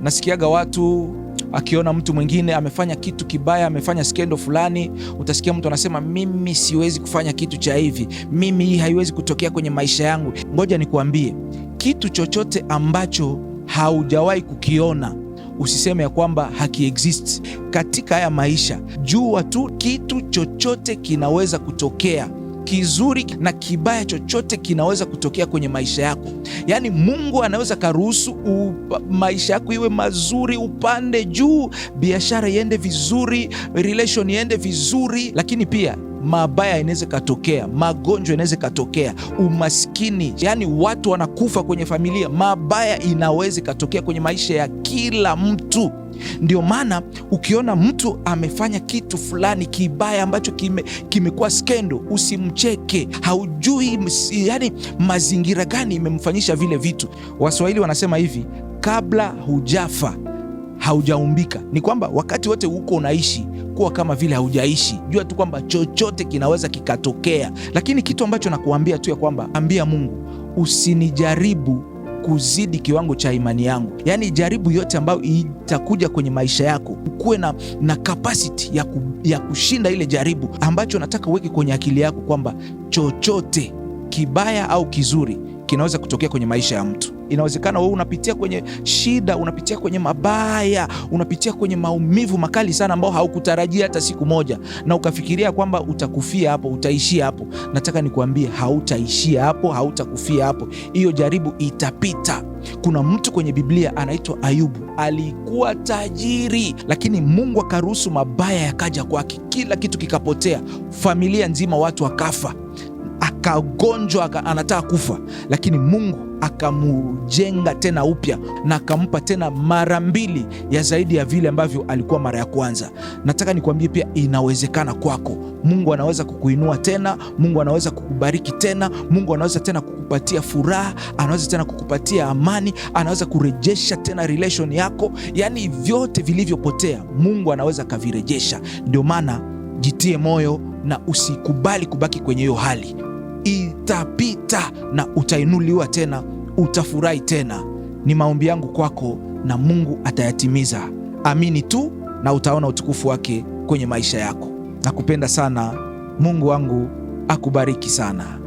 nasikiaga watu akiona mtu mwingine amefanya kitu kibaya, amefanya skendo fulani, utasikia mtu anasema mimi siwezi kufanya kitu cha hivi, mimi hii haiwezi kutokea kwenye maisha yangu. Ngoja nikuambie kitu chochote ambacho haujawahi kukiona usiseme ya kwamba hakiexist katika haya maisha. Jua tu kitu chochote kinaweza kutokea kizuri na kibaya chochote kinaweza kutokea kwenye maisha yako. Yaani Mungu anaweza karuhusu maisha yako iwe mazuri, upande juu, biashara iende vizuri, relation iende vizuri, lakini pia mabaya inaweza ikatokea, magonjwa inaweza ikatokea, umaskini, yaani watu wanakufa kwenye familia. Mabaya inaweza ikatokea kwenye maisha ya kila mtu. Ndio maana ukiona mtu amefanya kitu fulani kibaya ambacho kimekuwa kime skendo, usimcheke. Haujui yani mazingira gani imemfanyisha vile vitu. Waswahili wanasema hivi, kabla hujafa haujaumbika. Ni kwamba wakati wote huko unaishi kuwa kama vile haujaishi. Jua tu kwamba chochote kinaweza kikatokea, lakini kitu ambacho nakuambia tu ya kwamba ambia Mungu usinijaribu kuzidi kiwango cha imani yangu. Yaani jaribu yote ambayo itakuja kwenye maisha yako, ukuwe na, na kapasiti ya, ku, ya kushinda ile jaribu. Ambacho nataka uweke kwenye akili yako kwamba chochote kibaya au kizuri kinaweza kutokea kwenye maisha ya mtu. Inawezekana wewe unapitia kwenye shida, unapitia kwenye mabaya, unapitia kwenye maumivu makali sana ambao haukutarajia hata siku moja, na ukafikiria kwamba utakufia hapo, utaishia hapo. Nataka nikuambie, hautaishia hapo, hautakufia hapo. Hiyo jaribu itapita. Kuna mtu kwenye Biblia anaitwa Ayubu, alikuwa tajiri, lakini Mungu akaruhusu mabaya yakaja kwake, kila kitu kikapotea, familia nzima, watu wakafa kagonjwa anataka kufa, lakini Mungu akamjenga tena upya na akampa tena mara mbili ya zaidi ya vile ambavyo alikuwa mara ya kwanza. Nataka nikuambie pia, inawezekana kwako. Mungu anaweza kukuinua tena, Mungu anaweza kukubariki tena, Mungu anaweza tena kukupatia furaha, anaweza tena kukupatia amani, anaweza kurejesha tena relation yako, yaani vyote vilivyopotea Mungu anaweza akavirejesha. Ndio maana jitie moyo na usikubali kubaki kwenye hiyo hali itapita na utainuliwa tena, utafurahi tena. Ni maombi yangu kwako na Mungu atayatimiza. Amini tu na utaona utukufu wake kwenye maisha yako. Nakupenda sana. Mungu wangu akubariki sana.